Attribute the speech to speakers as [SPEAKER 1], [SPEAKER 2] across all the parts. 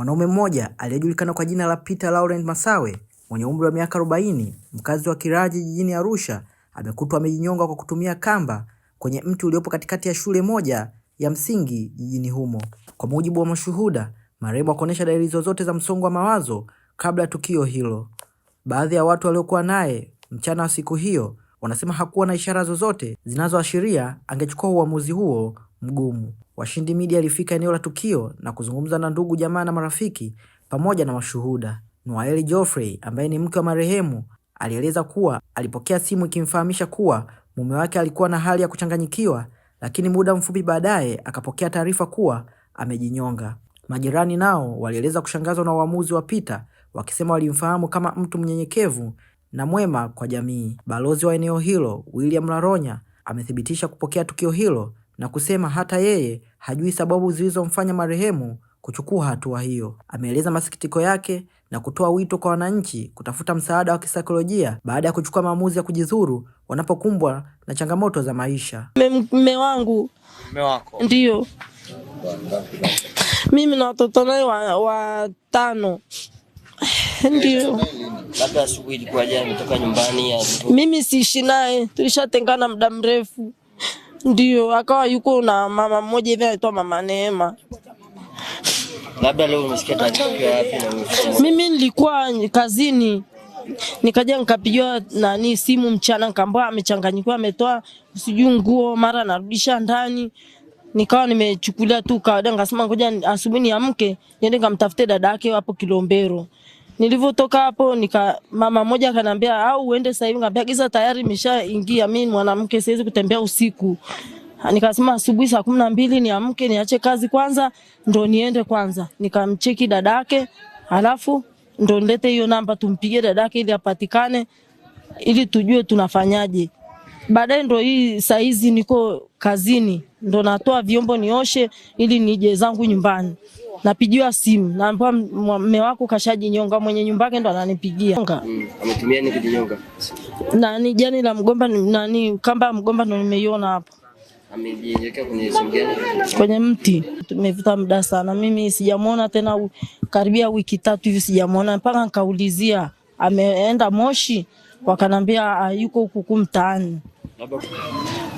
[SPEAKER 1] Mwanaume mmoja aliyejulikana kwa jina la Peter Laurent Masawe mwenye umri wa miaka 40, mkazi wa Kiraji jijini Arusha, amekutwa amejinyonga kwa kutumia kamba kwenye mti uliopo katikati ya shule moja ya msingi jijini humo. Kwa mujibu wa mashuhuda, marehemu akuonyesha dalili zozote za msongo wa mawazo kabla ya tukio hilo. Baadhi ya watu waliokuwa naye mchana wa siku hiyo wanasema hakuwa na ishara zozote zinazoashiria angechukua uamuzi huo mgumu. Washindi Media alifika eneo la tukio na kuzungumza na ndugu jamaa na marafiki pamoja na washuhuda. Noeli Geoffrey ambaye ni mke wa marehemu alieleza kuwa alipokea simu ikimfahamisha kuwa mume wake alikuwa na hali ya kuchanganyikiwa, lakini muda mfupi baadaye akapokea taarifa kuwa amejinyonga. Majirani nao walieleza kushangazwa na uamuzi wa Peter wakisema walimfahamu kama mtu mnyenyekevu na mwema kwa jamii. Balozi wa eneo hilo William Laronya amethibitisha kupokea tukio hilo na kusema hata yeye hajui sababu zilizomfanya marehemu kuchukua hatua hiyo. Ameeleza masikitiko yake na kutoa wito kwa wananchi kutafuta msaada wa kisaikolojia baada ya kuchukua maamuzi ya kujizuru wanapokumbwa na changamoto za maisha.
[SPEAKER 2] Mme wangu ndio mimi na watoto naye watano wa ndio
[SPEAKER 3] labda asubuhi ilikuwa jana, kutoka nyumbani.
[SPEAKER 2] Mimi siishi naye, tulishatengana muda mrefu. Ndio, akawa yuko na mama mmoja hivi anaitwa Mama Neema. Labda leo umesikia taarifa wapi? Mimi nilikuwa kazini nikaja nikapigiwa nani simu mchana, nikaambiwa amechanganyikiwa, ametoa sijui nguo mara narudisha ndani. Nikawa nimechukulia tu kawaida, nikasema ngoja asubuhi niamke niende nikamtafute dada yake hapo Kilombero. Nilivyotoka hapo nika mama mmoja akaniambia au uende sasa hivi, ngambia giza tayari imeshaingia, mimi mwanamke siwezi kutembea usiku. Nikasema asubuhi saa kumi na mbili niamke niache kazi kwanza ndo niende kwanza. Nikamcheki dadake halafu ndo nilete hiyo namba tumpigie dadake ili apatikane ili tujue tunafanyaje. Baadaye ndo hii saizi niko kazini ndo natoa vyombo nioshe ili nije zangu nyumbani napigiwa simu, naambiwa mume wako kashajinyonga. Mwenye nyumba yake ndo ananipigia mm.
[SPEAKER 3] Ametumia nini kujinyonga?
[SPEAKER 2] Nani jani la mgomba, nani kamba ya mgomba ndo nimeiona hapo kwenye mti. Tumevuta muda sana, mimi sijamwona tena, karibia wiki tatu hivi sijamwona, mpaka nkaulizia ameenda Moshi, wakanambia ah, yuko huku mtaani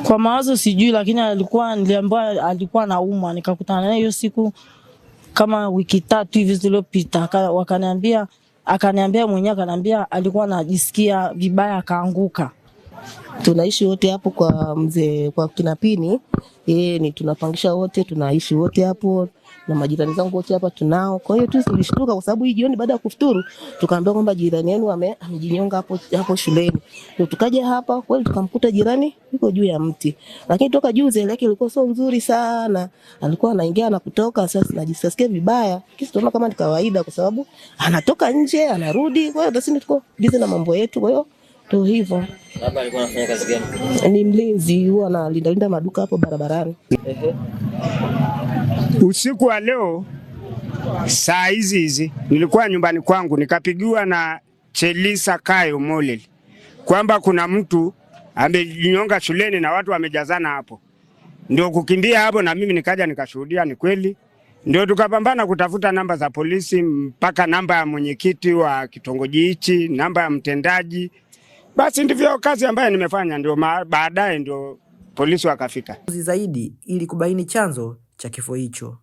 [SPEAKER 2] kwa mawazo sijui, lakini alikuwa niliambiwa alikuwa naumwa, nikakutana naye hiyo siku kama wiki tatu hivi zilizopita, wakaniambia akaniambia mwenyewe akaniambia alikuwa anajisikia vibaya akaanguka
[SPEAKER 4] tunaishi wote hapo kwa mzee, kwa kinapini yeye ni tunapangisha wote, tunaishi wote hapo na majirani zangu wote hapa tunao. Kwa hiyo tu tulishtuka kwa sababu hii jioni baada ya kufuturu tukaambiwa kwamba jirani yenu amejinyonga hapo hapo shuleni. Ndio tukaja hapa kweli tukamkuta jirani yuko juu ya mti. Lakini toka juu zile yake ilikuwa sio nzuri sana. Alikuwa anaingia na kutoka, sasa najisikia vibaya. Kisi tunaona kama ni kawaida kwa sababu anatoka nje, anarudi. Kwa hiyo sisi tuko bize na mambo yetu. Kwa hiyo ndio hivyo.
[SPEAKER 3] Labda alikuwa anafanya kazi gani?
[SPEAKER 4] Ni mlinzi, huwa analinda linda maduka hapo barabarani.
[SPEAKER 5] Usiku wa leo saa hizi hizi nilikuwa nyumbani kwangu nikapigiwa na Chelisa Kayo Moleli kwamba kuna mtu amejinyonga shuleni na watu wamejazana hapo, ndio kukimbia hapo, na mimi nikaja nikashuhudia, ni kweli. Ndio tukapambana kutafuta namba za polisi mpaka namba ya mwenyekiti wa kitongoji hichi, namba ya mtendaji basi ndivyo kazi ambayo nimefanya, ndio baadaye ndio polisi wakafika
[SPEAKER 6] zaidi ili kubaini chanzo cha kifo hicho.